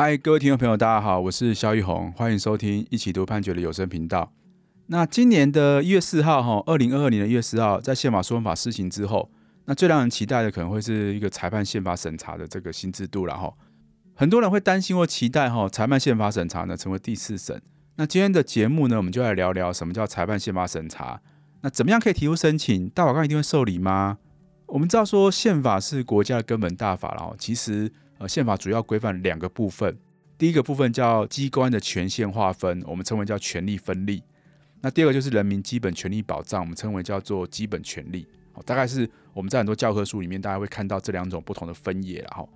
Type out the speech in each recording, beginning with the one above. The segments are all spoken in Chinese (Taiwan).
嗨，Hi, 各位聽眾朋友，大家好，我是蕭奕弘，歡迎收聽一起讀判決的有聲頻道。那今年的一月四號，哈，二零二二年的一月四號，在憲法訴訟法施行之後，那最讓人期待的可能會是一個裁判憲法審查的這個新制度了哈。很多人會擔心或期待哈、哦，裁判憲法審查呢成為第四審。那今天的節目呢，我們就來聊聊什麼叫裁判憲法審查，那怎麼樣可以提出聲請？大法官一定會受理嗎？我們知道說憲法是國家的根本大法了，其實。呃，憲法主要規範兩個部分，第一個部分叫機關的權限劃分，我們稱為叫權力分立；那第二個就是人民基本權利保障，我們稱為叫做基本權利。哦，大概是我們在很多教科書裡面，大家會看到這兩種不同的分野了哈。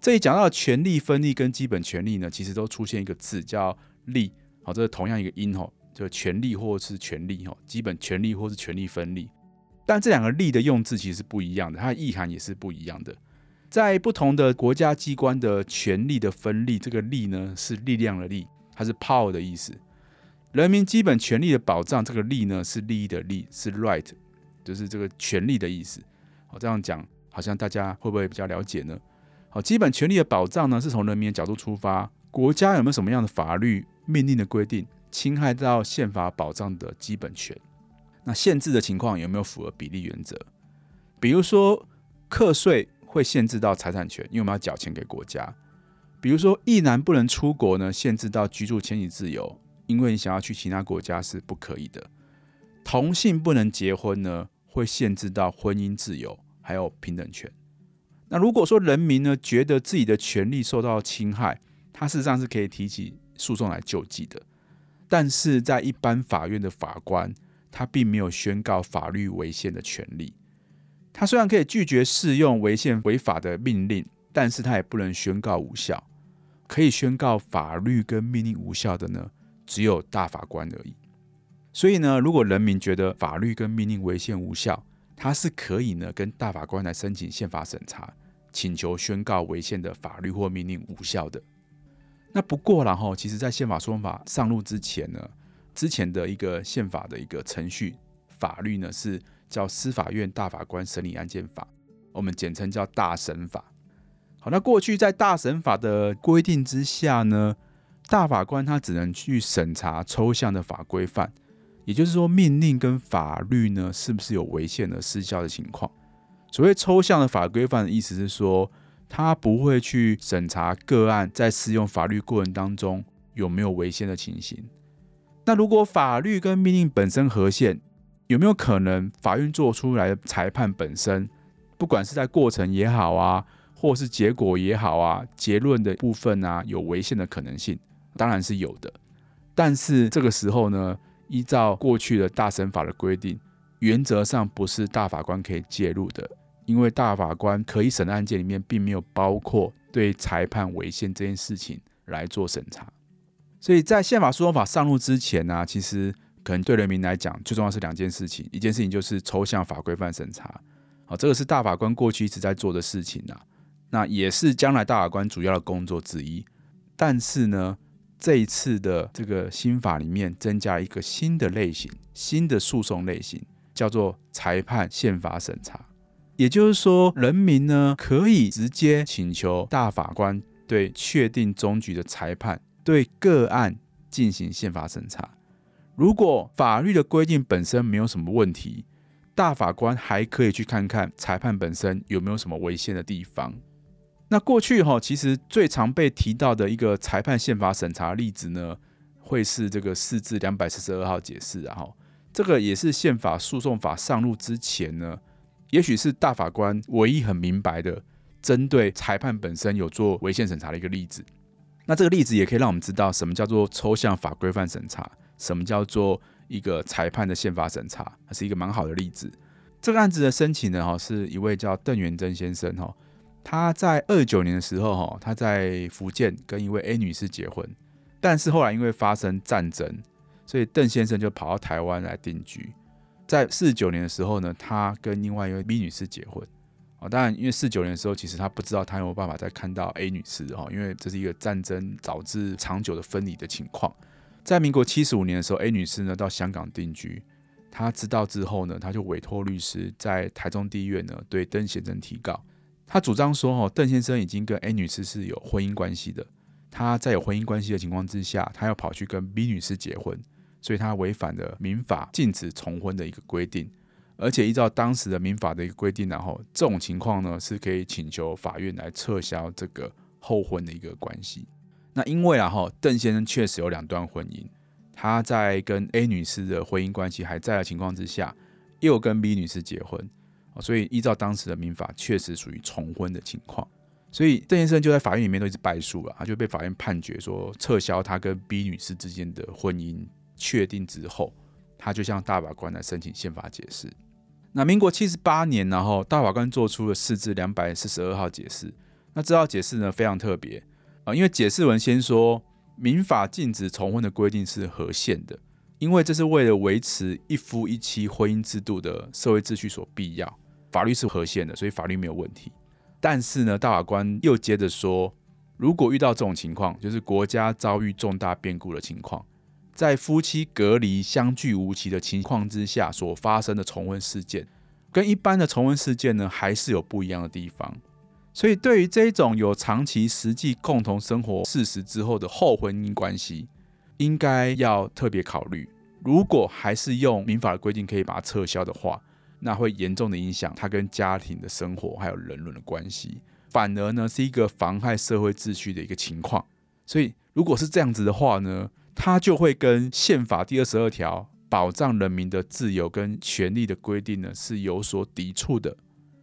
這裡講到權力分立跟基本權利呢，其實都出現一個字叫“利”。好，哦，這是同樣一個音吼，哦，就權力或是權利吼，哦，基本權利或是權力分立，但這兩個“利”的用字其實是不一樣的，它的意涵也是不一樣的。在不同的國家機關的權力的分立，這個“力”呢是力量的力，它是 power 的意思。人民基本權利的保障，這個“利”呢是利益的利，是 right，就是這個權利的意思。好，這樣講好像大家會不會比較了解呢？好，基本權利的保障呢是從人民的角度出發，國家有沒有什麼樣的法律命令的規定侵害到憲法保障的基本權？那限制的情況有沒有符合比例原則？比如說課稅。會限制到財產權，因為我們要繳錢給國家。比如說，役男不能出國呢，限制到居住遷徙自由，因為你想要去其他國家是不可以的。同性不能結婚呢，會限制到婚姻自由還有平等權。那如果說人民呢覺得自己的權利受到侵害，他事實上是可以提起訴訟來救濟的。但是在一般法院的法官，他並沒有宣告法律違憲的權利。他雖然可以拒絕適用違憲違法的命令，但是他也不能宣告無效。可以宣告法律跟命令無效的呢，只有大法官而已。所以呢，如果人民覺得法律跟命令違憲無效，他是可以呢跟大法官來聲請憲法審查，請求宣告違憲的法律或命令無效的。那不過然後，其實在憲法訴訟法上路之前呢，之前的一個憲法的一個程序法律呢是。叫《司法院大法官審理案件法》，我們簡稱叫《大審法》。好，那過去在《大審法》的規定之下呢，大法官他只能去審查抽象的法規範，也就是說，命令跟法律呢是不是有違憲的失效的情況。所謂抽象的法規範的意思是說，他不會去審查個案在適用法律過程當中有沒有違憲的情形。那如果法律跟命令本身合憲，有沒有可能法院做出來的裁判本身，不管是在過程也好啊，或是結果也好啊，結論的部分啊，有違憲的可能性，當然是有的。但是這個時候呢，依照過去的大審法的規定，原則上不是大法官可以介入的，因為大法官可以審的案件裡面，並沒有包括對裁判違憲這件事情來做審查。所以在憲法訴訟法上路之前呢，啊，其實。可能對人民來講，最重要是兩件事情，一件事情就是抽象法規範審查，好，這個是大法官過去一直在做的事情啊。那也是將來大法官主要的工作之一。但是呢，這一次的這個新法裡面增加一個新的類型，新的訴訟類型，叫做裁判憲法審查，也就是說，人民呢可以直接請求大法官對確定終局的裁判對個案進行憲法審查。如果法律的規定本身沒有什麼問題，大法官還可以去看看裁判本身有沒有什麼違憲的地方。那過去哈、哦，其實最常被提到的一個裁判憲法審查的例子呢，會是這個釋字兩百四十二號解釋哈、啊，這個也是憲法訴訟法上路之前呢，也許是大法官唯一很明白的針對裁判本身有做違憲審查的一個例子。那這個例子也可以讓我們知道什麼叫做抽象法規範審查。什麼叫做一個裁判的憲法審查？是一個蠻好的例子。這個案子的申請人哈，是一位叫鄧元珍先生哈，他在二九年的時候哈，他在福建跟一位 A 女士結婚，但是後來因為發生戰爭，所以鄧先生就跑到台灣來定居。在四九年的時候呢，他跟另外一位 B 女士結婚。啊，當然，因為四九年的時候，其實他不知道他有，沒有辦法再看到 A 女士哈，因為這是一個戰爭導致長久的分離的情況。在民國七十五年的時候，A 女士呢，到香港定居。她知道之後呢，她就委託律師在台中地院呢對鄧先生提告。她主張說，哦，鄧先生已經跟 A 女士是有婚姻關係的。他在有婚姻關係的情況之下，他要跑去跟 B 女士結婚，所以他違反了民法禁止重婚的一個規定。而且依照當時的民法的一個規定，然後這種情況呢，是可以請求法院來撤銷這個後婚的一個關係。那因為啊哈，鄧先生確實有兩段婚姻，他在跟 A 女士的婚姻關係還在的情況之下，又跟 B 女士結婚，所以依照當時的民法，確實屬於重婚的情況。所以鄧先生就在法院裡面都一直敗訴了，他就被法院判決說撤銷他跟 B 女士之間的婚姻。確定之後，他就向大法官來申請憲法解釋。那民國七十八年，然後大法官做出了釋字第242號解釋。那這號解釋呢，非常特別。啊，因為解釋文先說民法禁止重婚的規定是合憲的，因為這是為了維持一夫一妻婚姻制度的社會秩序所必要，法律是合憲的，所以法律沒有問題。但是呢，大法官又接着說，如果遇到這種情況，就是國家遭遇重大變故的情況，在夫妻隔離、相聚無期的情況之下所發生的重婚事件，跟一般的重婚事件呢，還是有不一樣的地方。所以，對於這種有長期實際共同生活事實之後的後婚姻關係，應該要特別考慮。如果還是用民法的規定可以把它撤銷的話，那會嚴重的影響他跟家庭的生活還有人倫的關係，反而呢是一個妨害社會秩序的一個情況。所以，如果是這樣子的話呢，它就會跟憲法第二十二條保障人民的自由跟權利的規定呢是有所抵觸的。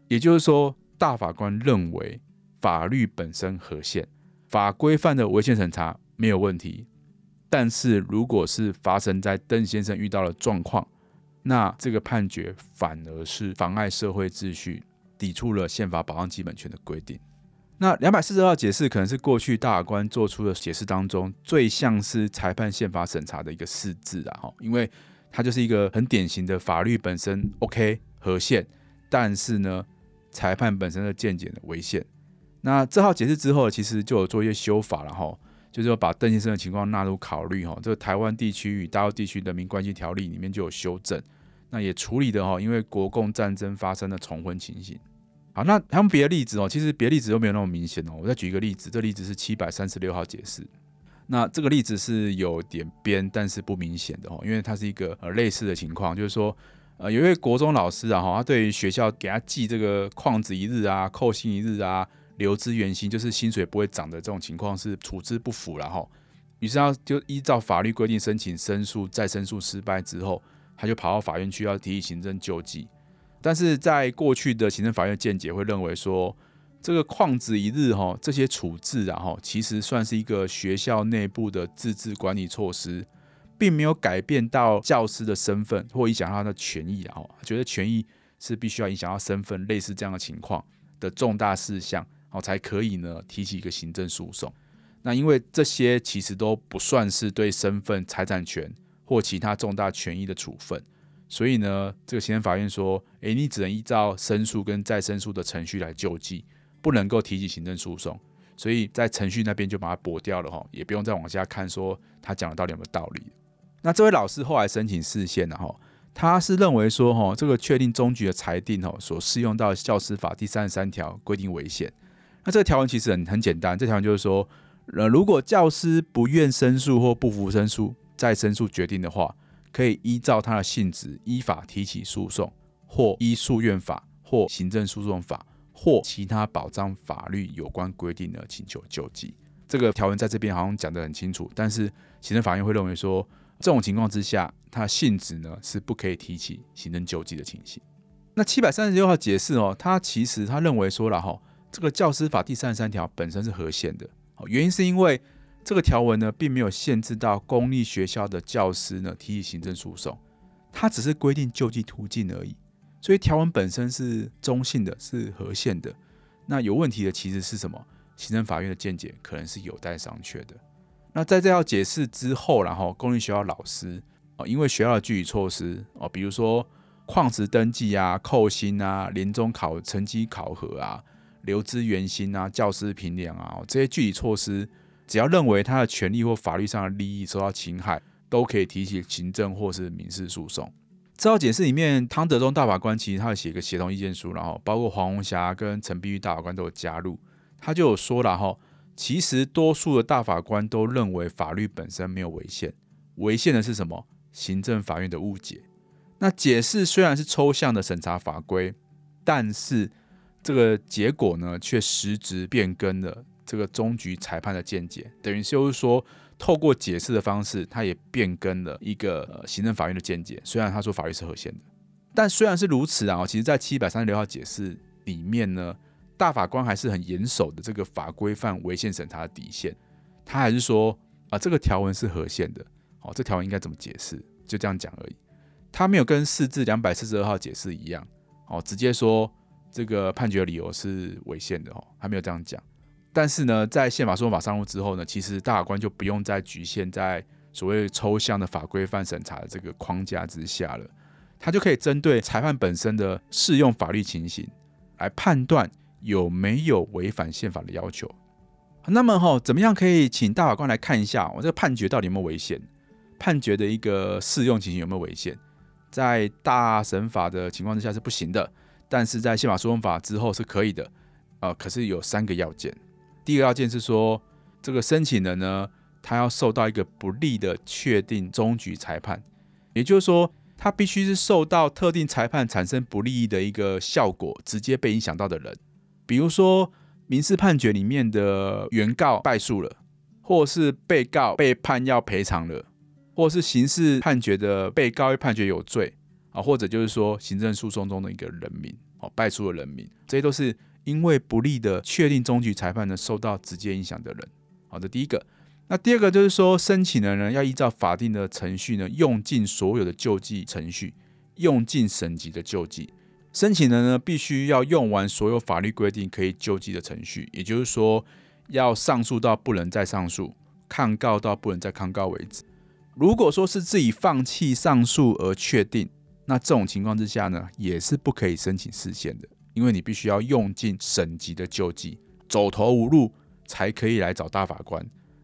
也就是說，大法官認為，法律本身合憲，法規範的違憲審查沒有問題。但是，如果是發生在鄧先生遇到的狀況，那這個判決反而是妨礙社會秩序，抵觸了憲法保障基本權的規定。那兩百四十二號解釋可能是過去大法官做出的解釋當中最像是裁判憲法審查的一個釋字啊！哈，因為它就是一個很典型的法律本身 OK 合憲，但是呢。裁判本身的見解的違憲。那這號解釋之後，其實就有做一些修法了哈，就是說把鄧先生的情況納入考慮哈。這個台灣地區與大陸地區人民關係條例裡面就有修正，那也處理的哈，因為國共戰爭發生的重婚情形。好，那他們別的例子哦，其實別例子都沒有那麼明顯哦。我再舉一個例子，這例子是七百三十六號解釋。那這個例子是有點編，但是不明顯的哦，因為它是一個呃類似的情況，就是說。呃，有一位國中老師啊，哈，他對於學校給他記這個曠職一日啊，扣薪一日啊，留資原薪，就是薪水不會漲的這種情況是處置不服啦。哈，於是他就依照法律規定申請申訴，再申訴失敗之後，他就跑到法院去要提起行政救濟，但是在過去的行政法院見解會認為說，這個曠職一日，哈，這些處置啊，哈其實算是一個學校內部的自治管理措施。並沒有改變到教師的身份或影響他的權益、啊、哦，覺得權益是必須要影響到身份，類似這樣的情況的重大事項，好才可以呢提起一個行政訴訟。那因為這些其實都不算是對身份、財產權或其他重大權益的處分，所以呢，這個行政法院說，哎，你只能依照申訴跟再申訴的程序來救濟，不能夠提起行政訴訟。所以在程序那邊就把它駁掉了哈、哦，也不用再往下看說他講的到底有沒有道理。那這位老師後來申請釋憲呢，哈，他是認為說，哈，這個確定終局的裁定，哈，所適用到的教師法第三十三條規定違憲。那這個條文其實很很簡單，這條文就是說，如果教師不願申訴或不服申訴再申訴決定的話，可以依照他的性質依法提起訴訟，或依訴願法或行政訴訟法或其他保障法律有關規定的請求救濟。這個條文在這邊好像講得很清楚，但是行政法院會認為說。這種情況之下，它性質呢，是不可以提起行政救濟的情形。那七百三十六號解釋哦，它其實它認為說了哈，這個教師法第三十三條本身是合憲的。好，原因是因為這個條文呢並沒有限制到公立學校的教師呢提起行政訴訟，它只是規定救濟途徑而已。所以條文本身是中性的，是合憲的。那有問題的其實是什麼？行政法院的見解可能是有待商榷的。那在這道解釋之後，然後公立學校老師啊，因為學校的具體措施啊，比如說曠職登記啊、扣薪啊、年終考成績考核啊、留資原薪啊、教師評量啊這些具體措施，只要認為他的權利或法律上的利益受到侵害，都可以提起行政或是民事訴訟。這道解釋裡面，湯德宗大法官其實他寫一個協同意見書，然後包括黃虹霞跟陳碧玉大法官都有加入，他就有說了哈。其實，多數的大法官都認為法律本身沒有違憲，違憲的是什麼？行政法院的誤解。那解釋雖然是抽象的審查法規，但是這個結果呢，卻實質變更了這個終局裁判的見解。等於是說，透過解釋的方式，它也變更了一個、呃、行政法院的見解。雖然他說法律是合憲的，但雖然是如此啊，其實在七百三十六號解釋裡面呢。大法官還是很嚴守的這個法規範違憲審查的底線，他還是說啊，這個條文是合憲的，哦，這條文應該怎麼解釋，就這樣講而已。他沒有跟釋字兩百四十二號解釋一樣，哦，直接說這個判決理由是違憲的哦，他沒有這樣講。但是呢，在憲法訴訟法上路之後呢，其實大法官就不用再局限在所謂抽象的法規範審查的這個框架之下了，他就可以針對裁判本身的適用法律情形來判斷。有沒有違反憲法的要求？那麼哈，怎麼樣可以請大法官來看一下，我、哦、這個判決到底有沒有違憲？判決的一個適用情形有沒有違憲？在大審法的情況之下是不行的，但是在憲法訴訟法之後是可以的。啊、呃，可是有三個要件。第一個要件是說，這個申請人呢，他要受到一個不利的確定終局裁判，也就是說，他必須是受到特定裁判產生不利益的一個效果，直接被影響到的人。比如說民事判決裡面的原告敗訴了，或是被告被判要賠償了，或是刑事判決的被告判決有罪啊，或者就是說行政訴訟中的一個人民哦敗訴的人民，這些都是因為不利的確定終局裁判呢受到直接影響的人。好的，第一個。那第二個就是說，申請的人呢要依照法定的程序呢，用盡所有的救濟程序，用盡審級的救濟。申請人呢，必須要用完所有法律規定可以救濟的程序，也就是說，要上訴到不能再上訴，抗告到不能再抗告為止。如果說是自己放棄上訴而確定，那這種情況之下呢，也是不可以申請釋憲的，因為你必須要用盡審級的救濟，走投無路才可以來找大法官。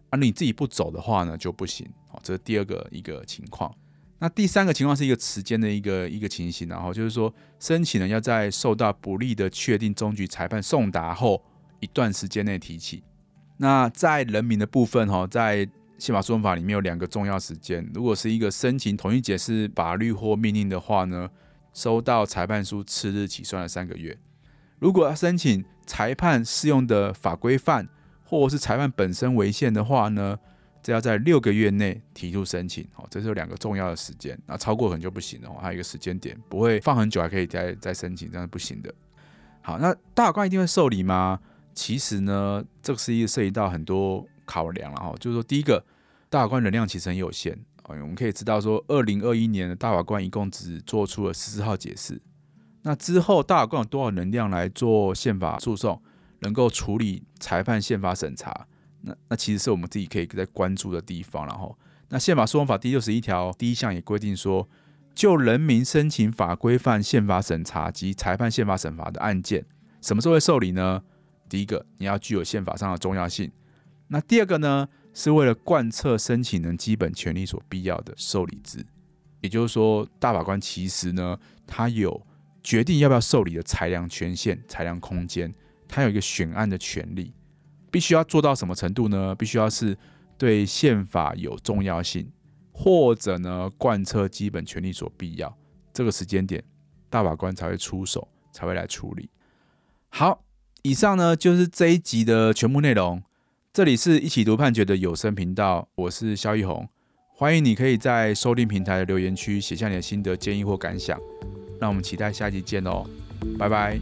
而、啊、你自己不走的話呢，就不行。好，這是第二個一個情況。那第三個情況是一個時間的一個一個情形、啊，然後就是說申請人要在受到不利的確定終局裁判送達後一段時間內提起。那在人民的部分哈、哦，在憲法訴訟法裡面有兩個重要時間，如果是一個申請統一解釋法律或命令的話呢，收到裁判書次日起算了三個月；如果要申請裁判適用的法規範或是裁判本身違憲的話呢。只要在六個月內提出申請，哦，這是有兩個重要的時間，那超過可能就不行了。還有一個時間點不會放很久，還可以再再申請，這樣不行的。好，那大法官一定會受理嗎？其實呢，這個是一個涉及到很多考量了哈，就是說第一個，大法官能量其實很有限，我們可以知道說，二零二一年的大法官一共只做出了十四號解釋，那之後大法官有多少能量來做憲法訴訟，能夠處理裁判憲法審查？那那其實是我們自己可以在關注的地方。然後，那憲法訴訟法第六十一條第一項也規定說，就人民聲請法規範憲法審查及裁判憲法審查的案件，什麼時候會受理呢？第一個，你要具有憲法上的重要性。那第二個呢，是為了貫徹聲請人基本權利所必要的受理之。也就是說，大法官其實呢，他有決定要不要受理的裁量權限、裁量空間，他有一個選案的權利。必須要做到什麼程度呢？必須要是對憲法有重要性，或者呢貫徹基本權利所必要，這個時間點大法官才會出手，才會來處理。好，以上呢就是這一集的全部內容。這裡是一起讀判決的有聲頻道，我是蕭奕弘，歡迎你可以在收聽平台的留言區寫下你的心得、建議或感想。那我們期待下一集見哦，拜拜。